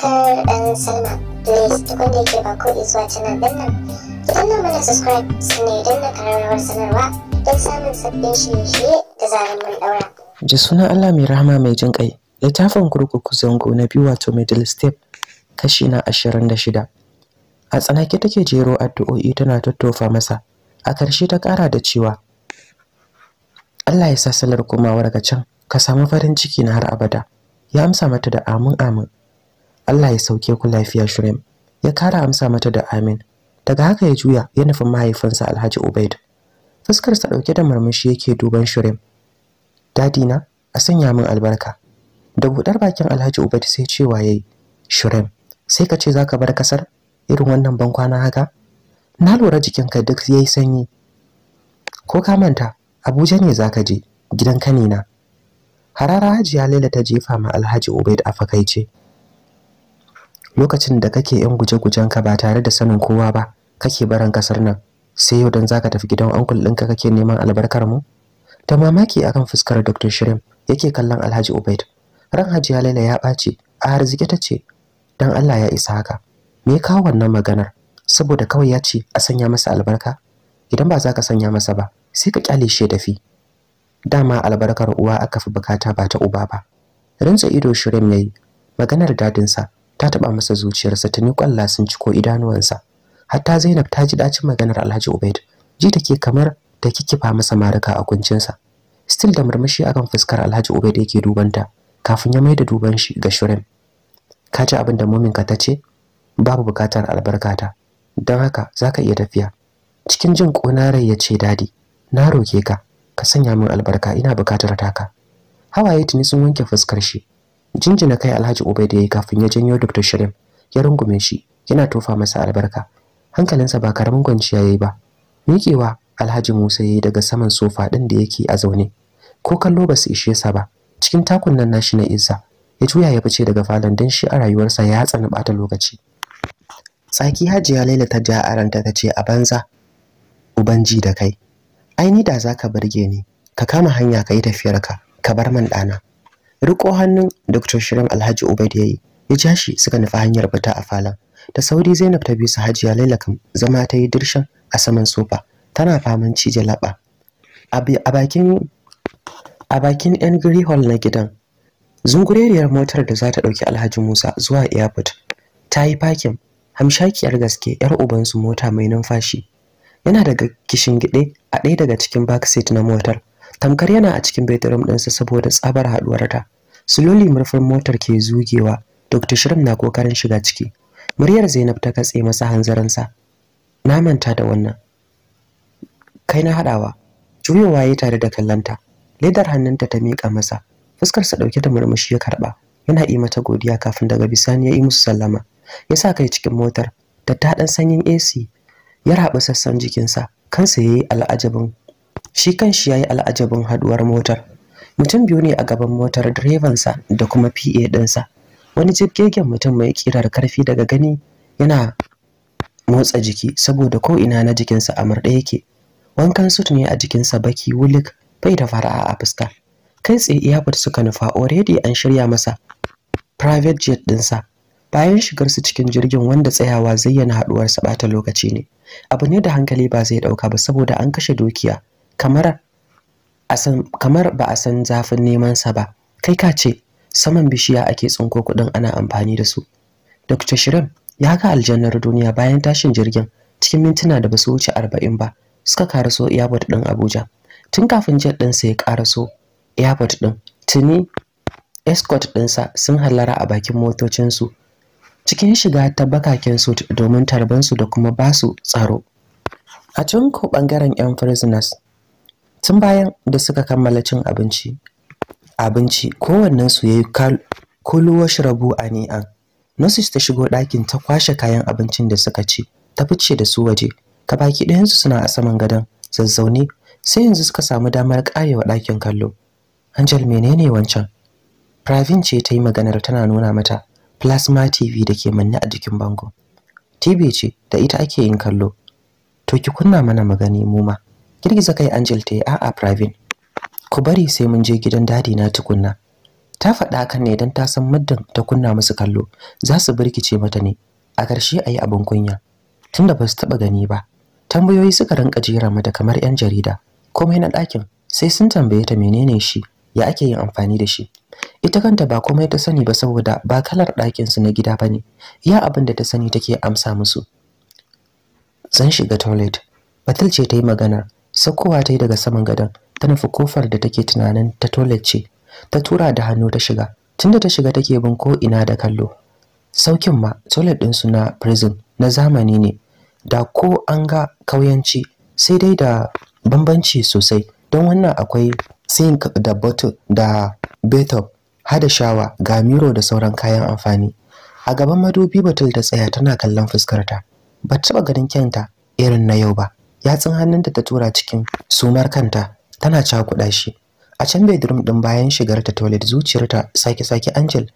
subscribe and sign up. Please ba ko subscribe sanarwa don samun sabbin shirye-shirye da sunan Allah mai rahama mai jin kai. Littafin kurkuku zango na biyu wato middle step kashi na ashirin da shida. A tsanake take jero addu'o'i tana tattofa masa. A ƙarshe ta ƙara da cewa Allah ya sa salar komawar ga can ka samu farin ciki na har abada. Ya amsa mata da amin amin. Allah ya sauke ku lafiya Shurem ya kara amsa mata da amin daga haka ya juya ya nufi mahaifinsa Alhaji Ubaid fuskarsa dauke da murmushi yake duban Shurem dadi na a sanya min albarka da budar bakin Alhaji Ubaid sai cewa yayi Shurem sai ka ce zaka bar kasar irin wannan bankwana haka na lura jikinka duk yayi sanyi ko ka manta Abuja ne zaka je gidan kanina harara Hajiya Laila ta jefa ma Alhaji Ubaid a fakaice lokacin da kake yan guje-gujen ka ba tare da sanin kowa ba kake baran kasar nan sai yau dan zaka tafi gidan uncle ka kake neman albarkar mu ta mamaki akan fuskar Dr. Shirim yake kallon Alhaji Ubaid ran Hajiya Laila ya ɓace, a arzike ta ce dan Allah ya isa haka me ya kawo wannan maganar saboda kawai ya ce a sanya masa albarka idan ba za ka sanya masa ba sai ka kyale shi tafi dama albarkar uwa aka fi bukata ba ta uba ba rinsa ido shirin yi. maganar dadinsa ta taba masa zuciyarsa ni kwalla sun ciko idanuwansa hatta Zainab ta ji dacin maganar Alhaji Ubaid ji take kamar ta kikkifa masa maraka a kuncinsa still da murmushi akan fuskar Alhaji Ubaid yake dubanta kafin ya mai da duban shi ga Shurem ka ji abin da mumin ta ce babu bukatar albarka ta Dan haka zaka iya tafiya cikin jin rai ya ce dadi na roke ka ka sanya min albarka ina bukatar taka hawaye tuni sun wanke fuskar shi jinjina kai alhaji ubaida ya yi kafin ya janyo dr shirin ya rungume shi yana tofa masa albarka hankalinsa ba karamin kwanciya ya yi ba miƙewa alhaji musa ya yi daga saman sofa ɗin da yake a zaune ko kallo ba su ishe sa ba cikin takun nan nashi na isa ya juya ya fice daga falon don shi a rayuwarsa ya tsani bata lokaci tsaki hajiya laila ta ja a ranta ta ce a banza ubanji da kai ai ni da za ka burge ni ka kama hanya ka yi tafiyarka ka bar man ɗana riko hannun Dr. Shirin Alhaji Ubaid yayi ya ja shi suka nufa hanyar fita a falon da sauri Zainab ta bi su Hajiya Laila kam zama ta yi dirshan a saman sofa tana faman cije laba a bakin a yan giri hall na gidan zunguriyar motar da za ta ɗauki Alhaji Musa zuwa airport ta yi parking hamshakiyar gaske yar ubansu mota mai numfashi yana daga kishin gide a ɗaya daga cikin back na motar tamkar yana a cikin bedroom ɗinsa saboda tsabar haɗuwar ta siloli murfin motar ke zugewa dr shirin na kokarin shiga ciki muryar zainab ta katse masa hanzarinsa na manta da wannan kai na haɗawa juyowa ya tare da kallanta ledar hannunta ta miƙa masa fuskarsa ɗauke da murmushi ya karɓa yana yi mata godiya kafin daga bisani ya yi musu sallama ya sa kai cikin motar da sanyin ac ya raɓa sassan jikinsa kansa ya yi al'ajabin shi kanshi ya yi al'ajabin haduwar motar mutum biyu ne a gaban motar direbansa da kuma PA ɗinsa wani jirgegen mutum mai ƙirar karfi daga gani yana motsa jiki saboda ko'ina na jikinsa a murɗe yake wankan sut ne a jikinsa baki wulik bai da fara'a a fuska kai tsaye iyafat suka nufa already an shirya masa private jet ɗinsa bayan shigarsu cikin jirgin wanda tsayawa zayyana haɗuwarsa ɓata lokaci ne abu ne da hankali ba zai ɗauka ba saboda an kashe dukiya kamar ba a san zafin neman sa ba kai ka ce saman bishiya ake tsinko kuɗin ana amfani da su dr shirin ya ga aljannar duniya bayan tashin jirgin cikin mintuna da basu wuce arba'in ba suka karaso airport ɗin abuja tun kafin jet ɗinsa ya karaso airport ɗin tuni escort ɗinsa sun hallara a bakin motocinsu cikin shiga ta bakakin su domin tarbansu da kuma basu tsaro a ko bangaren 'yan prisoners tun bayan da suka kammala cin abinci abinci kowannensu ya yi kuluwa shirabu a ni'an nosis ta shigo ɗakin ta kwashe kayan abincin da suka ci ta fice da su waje ka baki ɗayansu suna a saman gadon zazzaune sai yanzu suka samu damar karewa ɗakin kallo angel menene wancan pravin ce ta yi maganar tana nuna mata plasma tv da ke manne a jikin bango tv ce da ita ake yin kallo to ki kunna mana magani mu ma girgiza kai Angel ta yi a'a Pravin ku bari sai mun je gidan dadi na tukunna ta faɗa kan ne don ta san muddin ta kunna musu kallo za su birkice mata ne a ƙarshe a yi abin kunya tunda ba su taɓa gani ba tambayoyi suka rinka jera mata kamar 'yan jarida komai na ɗakin sai sun tambaye ta menene shi ya ake yin amfani da shi ita kanta ba komai ta sani ba saboda ba kalar ɗakin su na gida ba ne. Ya abin da ta sani take amsa musu zan shiga toilet batul ce ta yi magana Saukowa ta yi daga saman gadon, ta nufi kofar da take tunanin ta toilet ce, ta tura da hannu ta shiga. Tunda ta shiga take bin ko ina da kallo. Saukin ma toilet su na prison na zamani ne, da ko an ga kauyanci sai dai da bambanci sosai don wannan akwai sink da bottle da bathtub hada shawa ga miro da sauran kayan amfani a gaban madubi bottle ta tsaya tana kallon fuskarta ba taɓa ganin kyanta irin na yau ba yatsun hannunta ta tura cikin sumar kanta tana cakuɗa shi a can bedroom ɗin bayan shigar ta toilet zuciyarta sake sake angel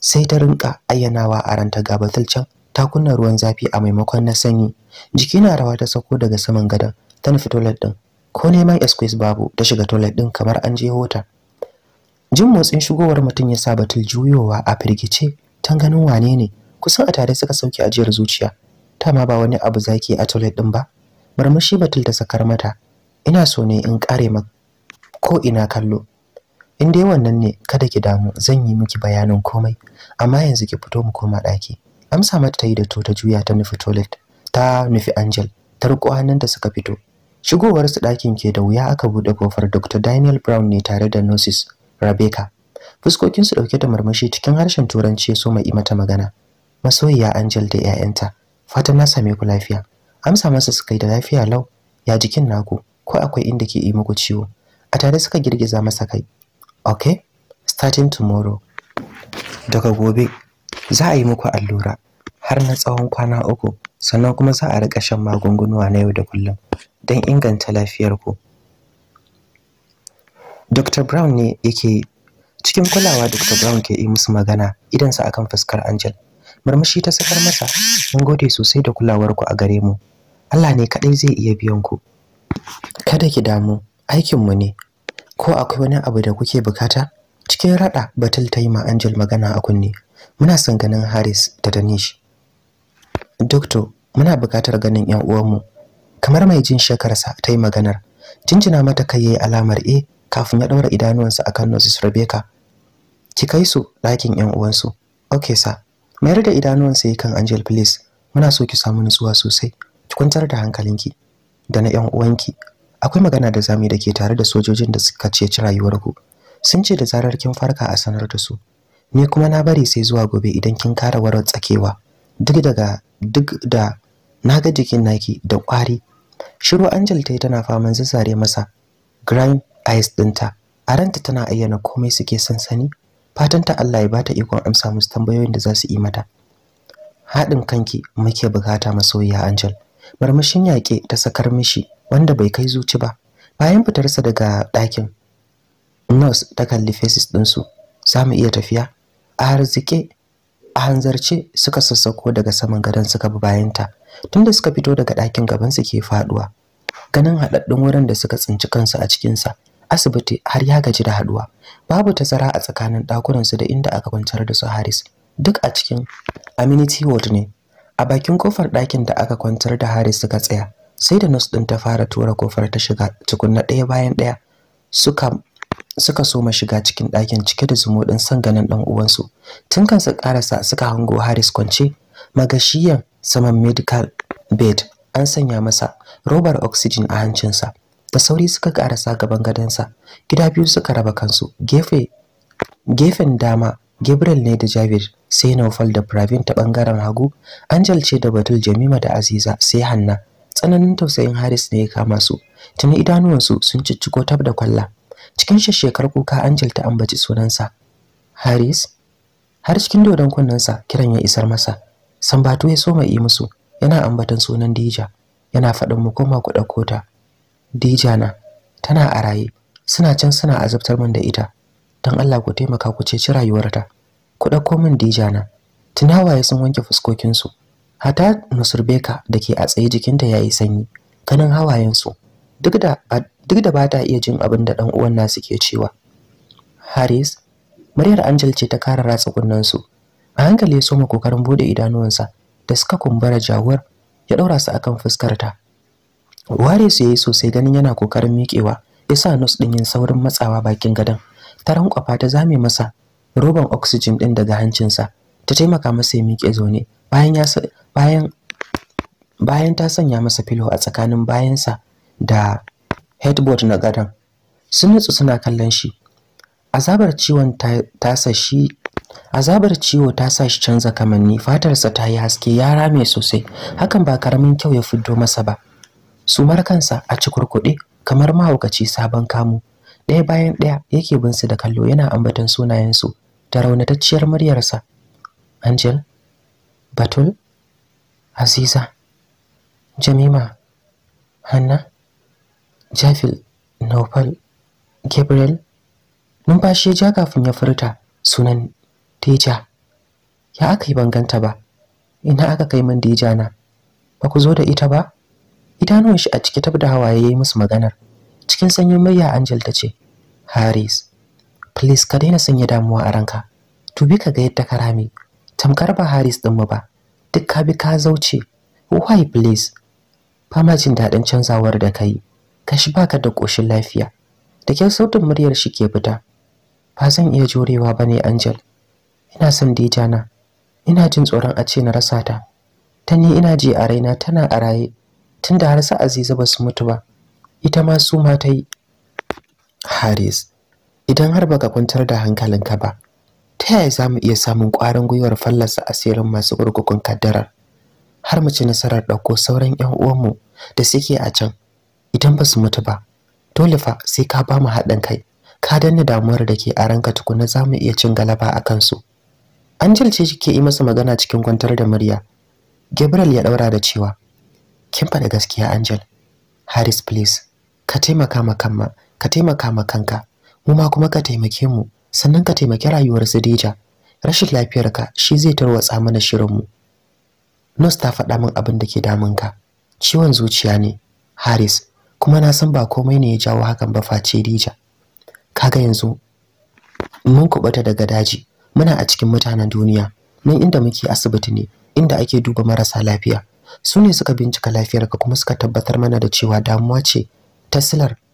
sai ta rinka ayyanawa a ranta ga batul can ta kunna ruwan zafi a maimakon na sanyi jiki na rawa ta sako daga saman gadon ta nufi toilet ɗin, ko neman excuse babu ta shiga toilet ɗin kamar an je hota jin motsin shigowar mutum ya sa batul juyowa a firgice tan ganin wane ne kusan a tare suka sauke ajiyar zuciya ta ma ba wani abu zaki a toilet ɗin ba murmushi batul ta sakar mata ina so ne in kare ma ko ina kallo in dai wannan ne kada ki damu zan yi miki bayanin komai amma yanzu ki fito mu koma ɗaki amsa mata ta yi da to ta juya ta nufi toilet ta nufi angel ta riko da suka fito shigowar su ɗakin ke da wuya aka buɗe kofar dr daniel brown ne tare da nurses rebecca fuskokin su ɗauke da marmashi cikin harshen turanci ya so mai mata magana masoyiya angel da 'ya'yanta fatan na same ku lafiya amsa masa suka yi da lafiya lau ya jikin naku ko akwai inda ke yi muku ciwo a tare suka girgiza masa kai okay starting tomorrow daga gobe za a yi muku allura har na tsawon kwana uku sannan kuma za a riƙa shan magungunuwa na yau da kullum don inganta lafiyarku dr brown ne yake cikin kulawa dr brown ke yi musu magana idan idansa akan fuskar angel murmushi ta sakar masa mun gode sosai da kulawarku a gare mu Allah ne kaɗai zai iya biyan ku kada ki damu aikinmu ne ko akwai wani abu da kuke bukata cikin raɗa batul ta yi ma angel magana a kunne muna son ganin haris da danish doctor muna bukatar ganin yan uwanmu kamar mai jin shekarsa ta yi maganar jinjina mata kai yayi alamar e kafin ya ɗaura idanuwansa akan nurses rebecca ki kai su ɗakin yan uwansu okay sa mayar da idanuwansa kan angel please muna so ki samu nutsuwa sosai kwantar da hankalinki da na 'yan uwanki akwai magana da zamu da ke tare da sojojin da suka ceci rayuwarku sun ce da zarar kin farka a sanar da su ni kuma na bari sai zuwa gobe idan kin kara warar tsakewa duk daga duk da na ga jikin naki da ƙwari shiru angel tai tana faman zazzare masa grind eyes dinta a ranta tana ayyana komai suke sansani fatan ta Allah ya bata ikon amsa musu tambayoyin da za su yi mata haɗin kanki muke bukata masoyiya angel Marmashin yaƙe ta sakar mishi wanda bai kai zuci ba bayan fitarsa daga ɗakin nurse ta kalli faces ɗinsu za mu iya tafiya a harzike a hanzarce suka sassako daga saman gadon suka bi bayanta tunda suka fito daga ɗakin gaban su ke faɗuwa ganin haɗaɗɗun wurin da suka tsinci kansu a cikinsa asibiti har ya gaji da haɗuwa babu tazara a tsakanin ɗakunansu da inda aka kwantar da su haris duk a cikin amenity ward ne a bakin kofar ɗakin da aka kwantar da Haris suka tsaya sai da nos ɗin ta fara tura kofar ta shiga tukunna ɗaya bayan ɗaya suka suka soma shiga cikin ɗakin cike da ɗin son ganin ɗan uwansu tun kan su ƙarasa suka hango Haris kwance magashiyan saman medical bed an sanya masa robar oxygen a hancinsa da sauri suka ƙarasa gaban gadonsa gida biyu suka raba kansu gefen dama Gabriel ne da Javier sai Naufal da Pravin ta bangaren hagu, Angel ce da Batul Jamima da Aziza sai Hanna. Tsananin tausayin Haris ne ya kama su. Tuni idanuwansu sun cicciko tab da kwalla. Cikin shashekar kuka Angel ta ambaci sunansa. Haris? Har cikin dodon kunnensa kiran ya isar masa. Sambatu ya soma yi musu. Yana ambatan sunan Dija. Yana faɗin mu koma ku ɗauko Dija na tana a raye. Suna can suna azabtar min da ita. don Allah ku taimaka ku ceci rayuwarta ku ɗauko min dija na tunawaye sun wanke fuskokinsu hata nusurbeka da ke a tsaye jikinta ya yi sanyi ganin hawayensu duk da duk da ba iya jin abin da ɗan uwan nasu ke cewa haris muryar angel ce ta kara ratsa su. a hankali ya soma kokarin bude idanuwansa da suka kumbura jawar ya ɗaura su akan fuskarta ware su yayi sosai ganin yana kokarin miƙewa yasa nus ɗin yin saurin matsawa bakin gadon ta rankwafa ta zame masa roban oxygen din daga hancinsa ta taimaka masa ya miƙe zaune bayan ya bayan bayan ta sanya masa filo a tsakanin bayansa da headboard na gadon sun nutsu suna kallon shi azabar ciwon ta sa shi azabar ciwo ta sa shi canza kamanni fatarsa ta yi haske ya rame sosai hakan ba karamin kyau ya fiddo masa ba sumar kansa a cikurkuɗe kamar mahaukaci sabon kamu ɗaya bayan ɗaya yake bin su da kallo yana ambaton sunayensu da raunatacciyar muryarsa Angel Batul Aziza Jamima Hanna Jafil nopal Gabriel numfashi ja kafin ya furta sunan Teja ya aka yi banganta ba ina aka kai min Deja na ba ku zo da ita ba idanuwan shi a ciki da hawaye ya yi musu maganar cikin sanyin murya Angel ta ce Haris. Please ka daina sanya damuwa a ranka. Tubi ka ga yadda ka rame. Tamkar ba Haris din mu ba. Duk ka bi ka zauce. Why please? Fama jin daɗin canzawar da kai. Kashi baka da ƙoshin lafiya. Da kyau sautin muryar shi ke fita. Ba zan iya jurewa ba ne Angel. Ina son Dijana. Ina jin tsoron a ce na rasa ta. Ta ni ina ji a raina tana a raye. Tunda har sa Aziza ba su mutu ba. Ita ma su ma ta yi. Haris idan har baka kwantar da hankalinka ba ta yaya za mu iya samun ƙwarin gwiwar fallasa asirin masu gurgurkun kaddarar har mu ci nasarar ɗauko sauran 'yan uwanmu da suke a can idan ba su mutu ba dole fa sai ka ba mu haɗin kai ka danna damuwar da ke a ranka tukuna za mu iya cin galaba a kansu Angel ce ke yi masa magana cikin kwantar da murya Gabriel ya ɗaura da cewa kin faɗi gaskiya Angel Haris please ka taimaka ma kanma ka taimaka ma kanka mu ma kuma ka taimake mu sannan ka taimaki rayuwar su Rashin lafiyar ka shi zai tarwatsa mana shirin mu Nos ta faɗa min abin da ke damun ka ciwon zuciya ne Haris kuma na san ba komai ne ya jawo hakan ba face Dija kaga yanzu mun kubata daga daji muna a cikin mutanen duniya nan inda muke asibiti ne inda ake duba marasa lafiya su ne suka bincika lafiyarka kuma suka tabbatar mana da cewa damuwa ce ta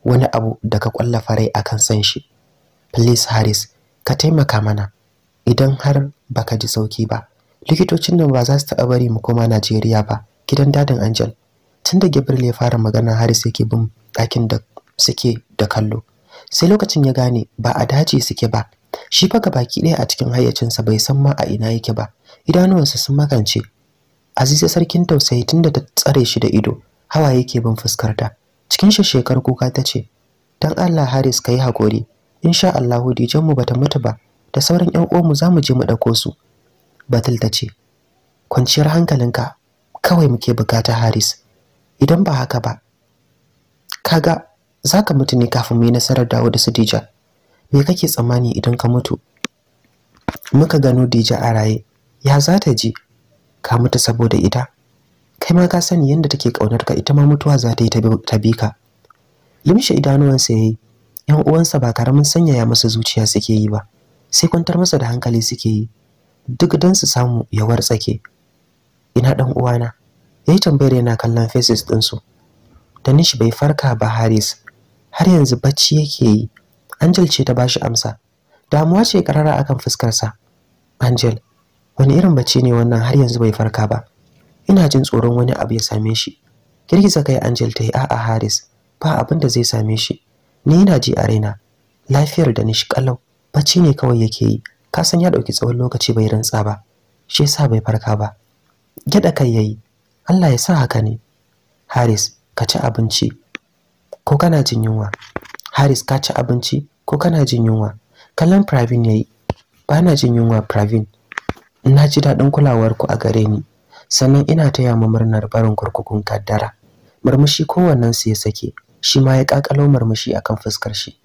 wani abu da ka kwallafa rai akan san shi please Haris ka taimaka mana idan har baka ji sauki ba likitocin nan ba za su taɓa bari mu koma Najeriya ba gidan dadin Angel tunda Gabriel ya fara magana Haris yake bin ɗakin da suke da kallo sai lokacin ya gane ba a daji suke ba shi fa baki ɗaya a cikin hayyacinsa bai san ma a ina yake ba idanuwansa sun magance Aziza sarkin tausayi tunda ta tsare shi da ido hawa yake bin fuskarta cikin shekar kuka ta ce dan Allah Haris kai hakuri insha Allah dijan mu bata mutu ba da sauran ƴan uwanmu za mu je mu ɗauko su Batul ta ce kwanciyar hankalinka kawai muke bukata Haris idan ba haka ba kaga zaka mutu ne kafin mu nasarar dawo da su Dija me kake tsammani idan ka mutu muka gano Dija a raye ya za ta ji ka mutu saboda ita kai ma ka sani yadda take ƙaunar ka ita ma mutuwa za ta yi ta bi ka limshe idanuwansa ya yi yan uwansa ba karamin sanyaya masa zuciya suke yi ba sai kwantar masa da hankali suke yi duk don su samu ya wartsake ina dan uwana ya yi tambayar yana kallon faces ɗinsu nishi bai farka ba haris har yanzu bacci yake yi angel ce ta bashi amsa damuwa ce karara akan fuskarsa angel wani irin bacci ne wannan har yanzu bai farka ba ina jin tsoron wani abu ya same shi girgiza kai Angel ta yi a'a Haris ba abin da zai same shi ni ina ji a raina lafiyar da shi kalau bacci ne kawai yake yi ka san ya ɗauki tsawon lokaci bai rantsa ba shi yasa bai farka ba Gyaɗa kai yayi Allah ya sa haka ne Haris ka ci abinci ko kana jin yunwa Haris ka ci abinci ko kana jin yunwa kallon Pravin yayi ba na jin yunwa Pravin na ji daɗin kulawarku a gare ni sannan ina taya mu murnar barin kurkukun kaddara murmushi kowannen su ya sake shi ma ya kakalo murmushi akan fuskar shi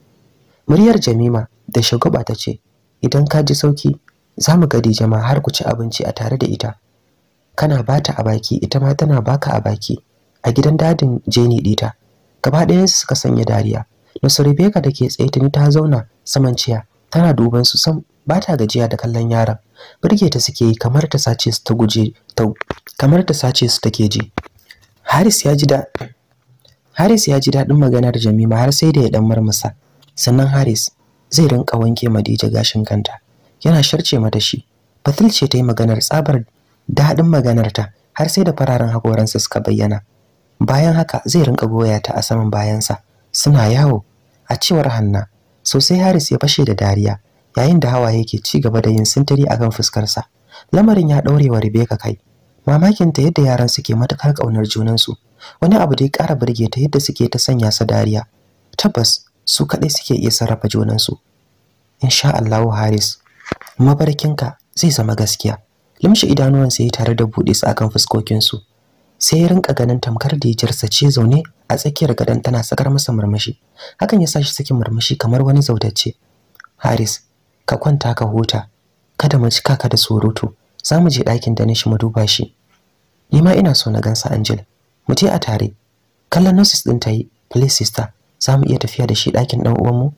muryar Jamima da Shagoba ta ce idan ka ji sauki za mu gadi jama'a har ku ci abinci a tare da ita kana bata a baki ita ma tana baka a baki a gidan dadin Jeni dita gaba ɗayan suka sanya dariya Nasribeka da ke tsaye tuni ta zauna saman ciya tana duban su sam ba ta gajiya da kallon yaron birge ta suke yi kamar ta sace su ta guje ta kamar ta sace su take ji Haris ya ji da Haris ya ji daɗin maganar Jamima har sai da ya dan murmusa sannan Haris zai rinka wanke Madija gashin kanta yana sharce mata shi Batil ce ta yi maganar tsabar daɗin maganar ta har sai da fararen hakoransa suka bayyana bayan haka zai rinka goya ta a saman bayansa suna yawo a cewar Hanna sosai Haris ya fashe da dariya yayin da hawaye ke ci gaba da yin sintiri akan fuskarsa lamarin ya daurewa wa Rebecca kai mamakin ta yadda yaran suke matuƙar ƙaunar junansu wani abu da ya ƙara burge ta yadda suke ta sanya sa dariya tabbas su kaɗai suke iya sarrafa junansu insha Allahu Haris mabarkinka zai zama gaskiya limshi idanuwansa ya tare da buɗe su akan fuskokinsu sai ya rinka ganin tamkar da dijirsa ce zaune a tsakiyar gadon tana sakar masa murmushi hakan ya sa shi sakin murmushi kamar wani zautacce Haris ka kwanta ka huta kada mu cika ka da surutu za mu je ɗakin da nishi mu duba shi ni ma ina so na gansa Angel mu je a tare kallon nurses din yi please sister za mu iya tafiya da shi ɗakin ɗan uwanmu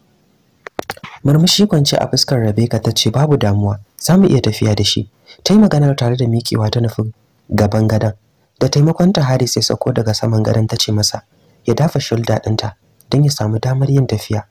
murmushi kwance a fuskar Rebecca ta ce babu damuwa za mu iya tafiya da shi ta yi maganar tare da miƙewa ta nufi gaban gadon. da taimakon ta Haris ya sauko daga saman gadon ta ce masa ya dafa shulda ɗinta don ya samu damar yin tafiya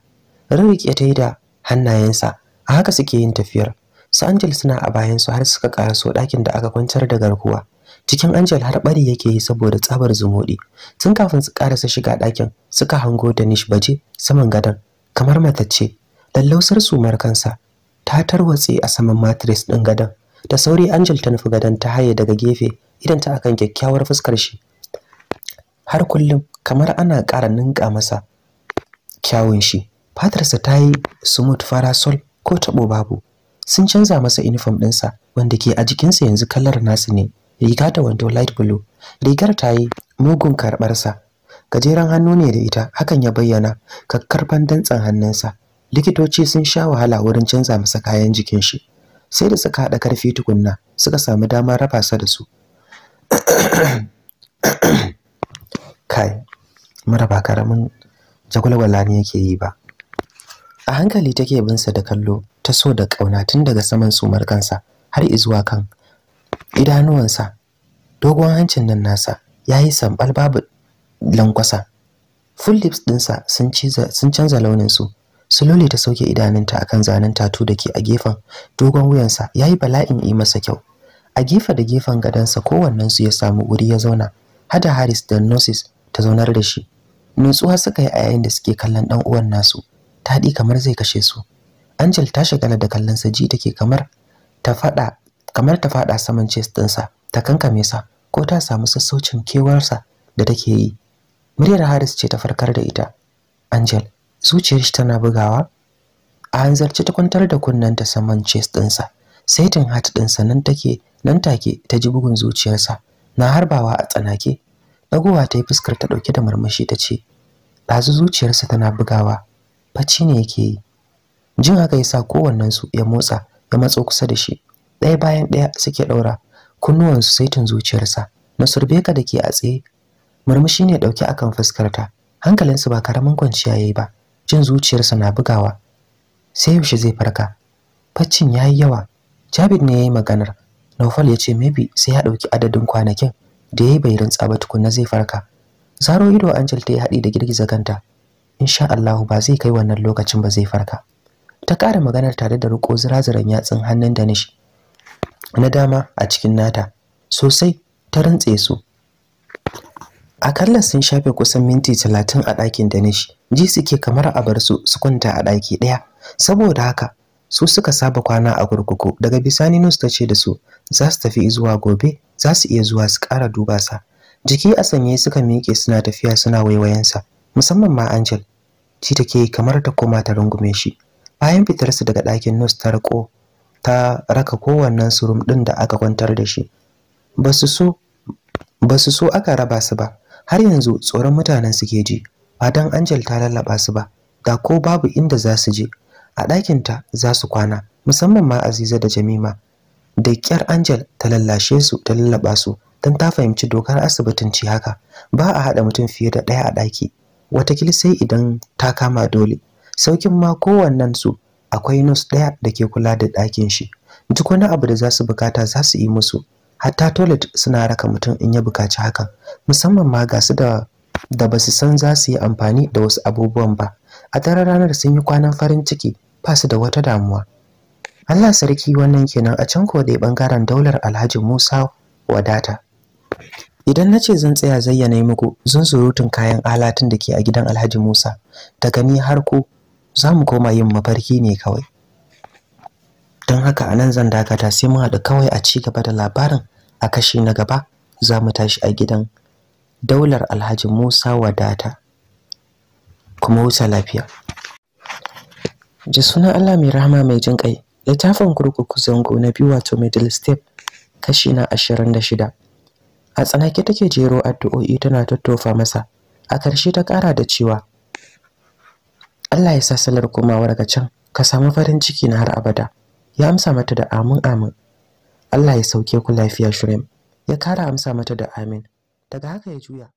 rarriƙe ya ta yi da hannayensa a haka suke yin tafiyar su angel suna a bayan su har suka karaso ɗakin da aka kwantar da garkuwa cikin angel har ɓari yake yi saboda tsabar zumuɗi tun kafin su karasa shiga ɗakin suka hango da nish baje saman gadon kamar matacce lallausar sumar kansa ta tarwatse a saman matris ɗin gadon da sauri angel ta nufi gadon ta haye daga gefe idan ta akan kyakkyawar fuskar shi har kullum kamar ana ƙara ninka masa kyawun shi fatarsa ta yi smooth farasol ko taɓo babu sun canza masa uniform ɗinsa wanda ke a jikinsa yanzu kalar nasu ne riga da wando light blue rigar ta yi mugun karɓarsa gajeren hannu ne da ita hakan ya bayyana kakkarfan dantsan hannunsa likitoci sun sha wahala wurin canza masa kayan jikin shi sai da suka haɗa karfi tukunna suka samu damar raba sa da su kai maraba karamin jagwalwala ne yake yi ba a hankali take bin sa da kallo ta so da kauna tun daga saman sumar kansa har izuwa kan idanuwansa dogon hancin nan nasa yayi sambal babu lankwasa full lips dinsa sun ciza sun canza launin su Sulole ta sauke idanunta akan zanen tatu da ke a gefen dogon wuyansa yayi bala'in yi masa kyau. A gefe da gefen gadansa su ya samu wuri ya zauna. Hada Haris da nosis ta zaunar da shi. Nutsuwa suka yi a yayin da suke kallon dan uwan nasu. taɗi kamar zai kashe su Angel ta shagala da kallon sa ji take kamar ta faɗa kamar ta fada saman chest ɗinsa ta kankame sa ko ta samu sassaucin kewarsa da take yi muryar Haris ce ta farkar da ita Angel zuciyar shi tana bugawa a hanzarci ta kwantar da kunnen ta saman chest ɗinsa saitin hat ɗinsa nan take nan take ta ji bugun zuciyarsa na harbawa a tsanake ɗagowa ta yi fuskar ta ɗauke da murmushi ta ce ɗazu zuciyarsa tana bugawa bacci ne yake yi jin haka yasa su ya motsa ya matso kusa da shi ɗaya bayan ɗaya suke ɗaura kunnuwansu saitin zuciyarsa nasurbeka da ke a tsaye murmushi ne ɗauke akan fuskarta hankalinsu ba karamin kwanciya ya yi ba jin zuciyarsa na bugawa sai yaushe zai farka faccin ya yi yawa jabir ne ya yi maganar naufal ya ce maybe sai ya ɗauki adadin kwanakin da ya yi bai rintsa ba tukunna zai farka zaro ido angel ta yi haɗi da girgiza kanta insha Allahu ba zai kai wannan lokacin ba zai farka ta ƙara maganar tare da ruko ziraziran yatsun hannun Danish na dama a cikin nata sosai ta rantse su akalla sun shafe kusan minti talatin a ɗakin Danish ji suke kamar a bar su su kwanta a ɗaki ɗaya saboda haka su suka saba kwana a kurkuku daga bisani nus ta ce da su za su tafi zuwa gobe za su iya zuwa su ƙara duba sa jiki a sanye suka miƙe suna tafiya suna waiwayensa musamman ma Angel ci take kamar ta koma ta rungume shi bayan fitar su daga ɗakin nurse ta rako ta raka kowannen su room ɗin da aka kwantar da shi basu so basu so aka raba su ba har yanzu tsoron mutanen suke ji ba don Angel ta lallaba su ba da ko babu inda za su je a ɗakinta za su kwana musamman ma Aziza da Jamima da ƙyar Angel ta lallashe su ta lallaba su don ta fahimci dokar asibitin ci haka ba a haɗa mutum fiye da ɗaya a ɗaki watakila sai idan ta kama dole saukin ma kowannan su akwai nus ɗaya da ke kula da ɗakin shi duk wani abu da za su bukata za su yi musu hatta toilet suna raka mutum in ya bukaci hakan musamman ma ga su da da ba san za su yi amfani da wasu abubuwan ba a daren ranar sun yi kwanan farin ciki ba su da wata damuwa Allah sarki wannan kenan a can dai bangaren daular Alhaji Musa wadata idan na ce zan tsaya zayyana muku zan surutun kayan alatun da ke a gidan alhaji musa daga ni har ko za mu koma yin mafarki ne kawai don haka anan zan dakata sai mun haɗu kawai a ci gaba da labarin a kashi na gaba za mu tashi a gidan daular alhaji musa wadata kuma wuta lafiya ji sunan allah mai rahama mai jin ƙai littafin kurkuku zango na biyu wato middle step kashi na ashirin da shida a tsanake take jero addu'o'i tana tattofa masa a ƙarshe ta ƙara da cewa Allah ya sa salar komawar ga can ka samu farin ciki na har abada ya amsa mata da amin amin Allah ya sauke ku lafiya shirin ya kara amsa mata da amin daga haka ya juya